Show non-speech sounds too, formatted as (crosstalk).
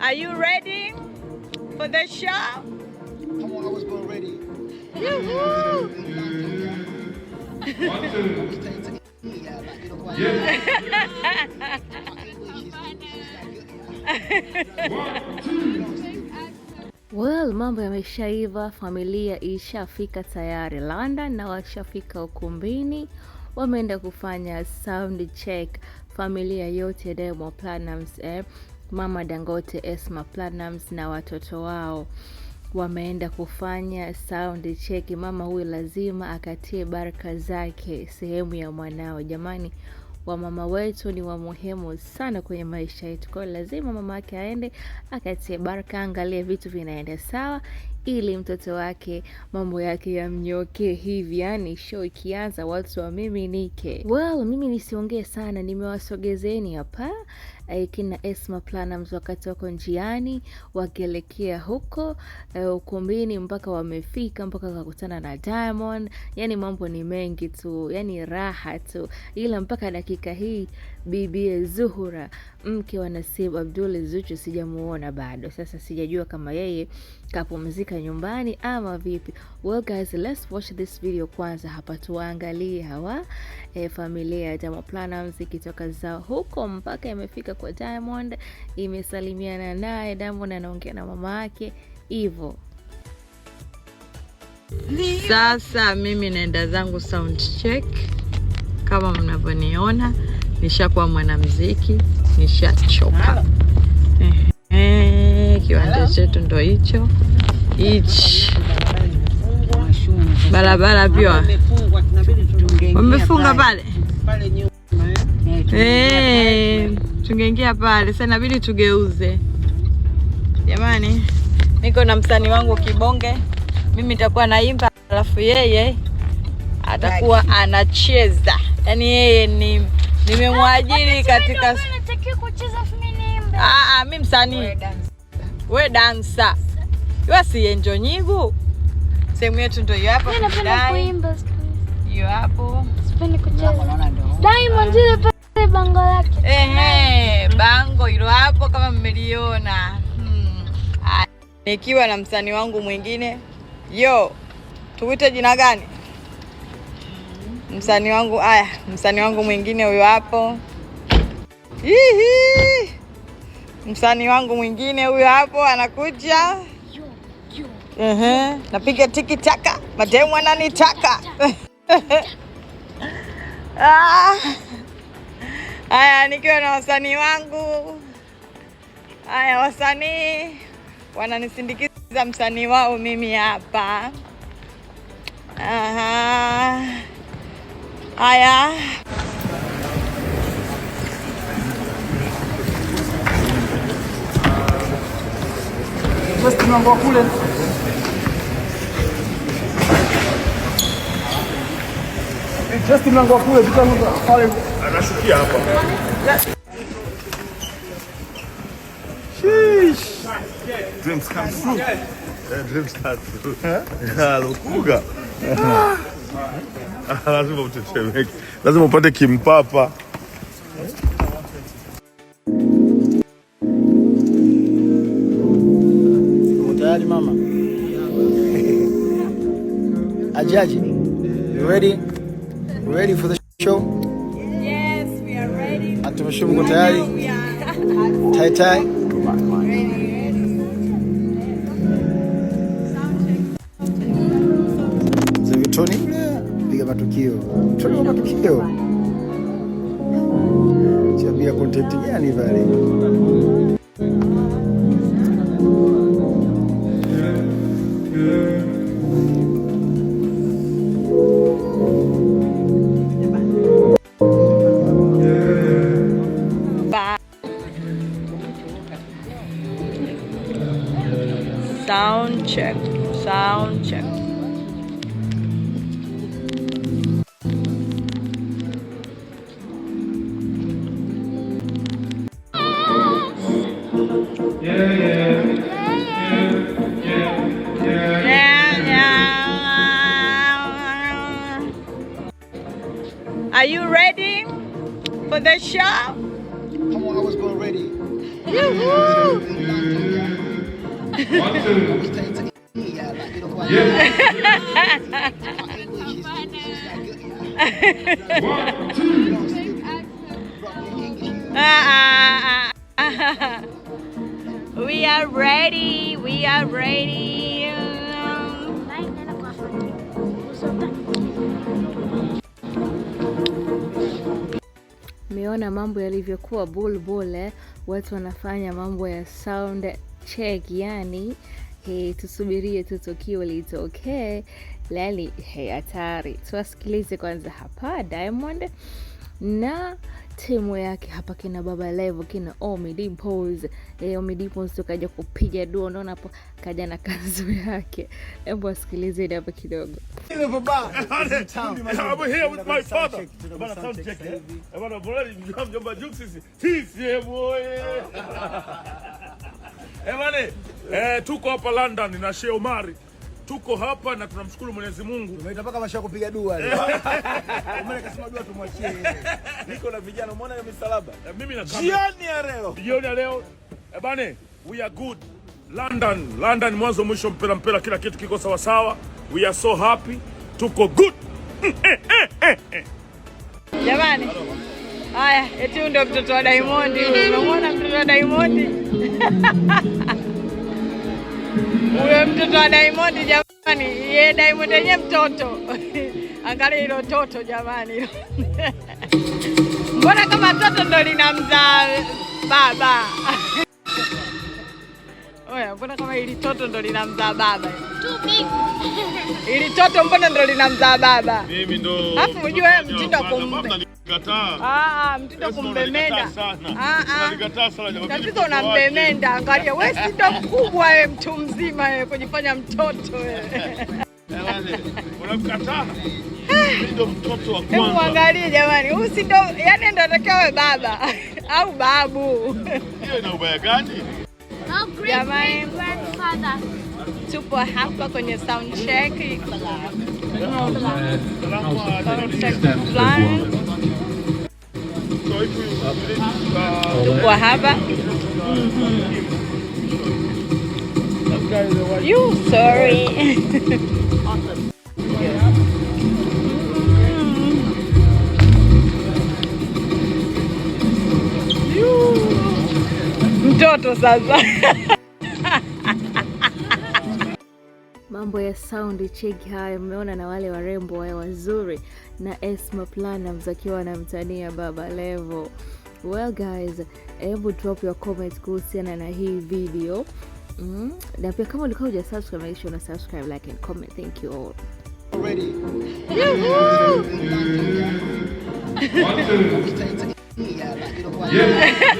Are you ready for the show? Come on, I was born ready. Well, mambo yameshaiva, familia ishafika tayari London na washafika ukumbini, wameenda kufanya sound check, familia yote ya Diamond Platnumz eh. Mama Dangote, Esma Platnumz na watoto wao wameenda kufanya sound check. Mama huyu lazima akatie baraka zake sehemu ya mwanao. Jamani, wamama wetu ni wa muhimu sana kwenye maisha yetu, kwa hiyo lazima mama yake aende akatie baraka, angalie vitu vinaenda sawa, ili mtoto wake mambo yake yamnyoke hivi, yani show ikianza watu wamiminike. Well, mimi nisiongee sana, nimewasogezeni hapa Eh, kina Esma Platnumz wakati wako njiani wakielekea huko eh, ukumbini mpaka wamefika mpaka wakakutana na Diamond. Yani mambo ni mengi tu, yani raha tu, ila mpaka dakika hii Bibi Zuhura mke wa Nasib Abdul Zuchu sijamuona bado. Sasa sijajua kama yeye kapumzika nyumbani ama vipi. Well guys, let's watch this video kwanza hapa tuangalie hawa e, familia ya Diamond Platnumz ikitoka zao huko mpaka imefika kwa Diamond, imesalimiana naye Diamond anaongea na mama yake hivyo. Sasa mimi naenda zangu sound check kama mnavyoniona nishakuwa mwanamuziki, nishachoka. Eh, kiwanja chetu ndo hicho hichi. Barabara pia wamefunga eh? Eh, pale, tungeingia pale sasa, inabidi tugeuze. Jamani, niko na msanii wangu kibonge, mimi nitakuwa naimba, alafu yeye atakuwa anacheza, yaani yeye ni nimemwajiri katika ah, ah, mi msanii we dansa we sienjo nyigu sehemu yetu ndo hiyo hapo. hapo. Sipendi kucheza. Diamond pale bango lake. bango hilo hapo kama mmeliona. Hmm. Nikiwa na msanii wangu mwingine. Yo, tuite jina gani? msanii wangu. Aya, msanii wangu mwingine huyo hapo, hihi, msanii wangu mwingine huyo hapo anakuja. Ehe, napiga tiki taka, mademu taka Haya, (laughs) ah! nikiwa na wasanii wangu. Haya, wasanii wananisindikiza, msanii wao mimi hapa. Aha. A ja... Wszyscy nam okulę. Wszyscy nam okulę, witam na fale. A na szuki apa. Sheesh. Dreams come true. Dreams come true. Ale kuga. Ah. (laughs) lazima utetemeke, lazima upate kimpapa. Tayari mama (laughs) Ajaji, you ready? You ready for the show? Yes, we are ready. Atumishu ah, mko tayari? Tai tai. Zivitoni matukio, tuna matukio chambia kontenti gani pale? Are you ready for the show? Come on, I was going ready. (laughs) (laughs) we are ready. We are ready. Umeona mambo yalivyokuwa bulbul, eh. watu wanafanya mambo ya sound check yani. Hey, tusubirie tu tukio litokee, lali hatari. Hey, tuwasikilize kwanza hapa Diamond na timu yake hapa kina Baba Levo, kina Ommy Dimpoz. E, Ommy Dimpoz tukaja kupiga duo, unaona hapo kaja na kanzu yake. Hebu asikilize hapa kidogo. Tuko hapa London na Sheikh Omari tuko hapa na tunamshukuru Mwenyezi Mungu. Umeita paka masha kupiga dua leo. (laughs) Umeona kasema dua tumwachie. Niko na vijana, umeona hiyo misalaba? Eh, mimi na kamera. Jioni ya leo. Jioni ya leo. Eh, bane, we are good. London, London mwanzo mwisho mpela mpela kila kitu kiko sawa sawa. We are so happy. Tuko good. Mm, eh, eh, Jamani. Haya, eti ndio mtoto wa Diamond. Unamuona mtoto wa Diamond? (laughs) huyo mtoto wa Diamond jamani, ye Diamond yenye mtoto (laughs) angalia hilo toto jamani, (laughs) mbona kama toto ndo linamzaa baba? (laughs) Oya, mbona kama ili toto ndo linamzaa baba? ili toto mbona ndo linamzaa baba? Alafu mjue mtindo wa kumbe Kataa. Ah, ah, ah, Tatizo unambemenda, angalia wewe si ndo mkubwa wewe mtu mzima wewe kujifanya mtoto wewe. Eh, angalia jamani, huyu si ndo yani ndo atakiwa baba (laughs) au babu. Hiyo ina ubaya gani? Oh, jamani, tupo hapa kwenye sound check. Tuko hapa mm-hmm. you sorry (laughs) mtoto sasa (laughs) mambo ya sound check hayo, mmeona na wale warembo wa wazuri na Esma Platnumz akiwa anamtania Baba Levo. Well guys, hebu drop your comments kuhusiana na hii video mm. Na pia kama ulikuwa huja subscribe, make sure una subscribe, like and comment. Thank you all already (laughs) yeah,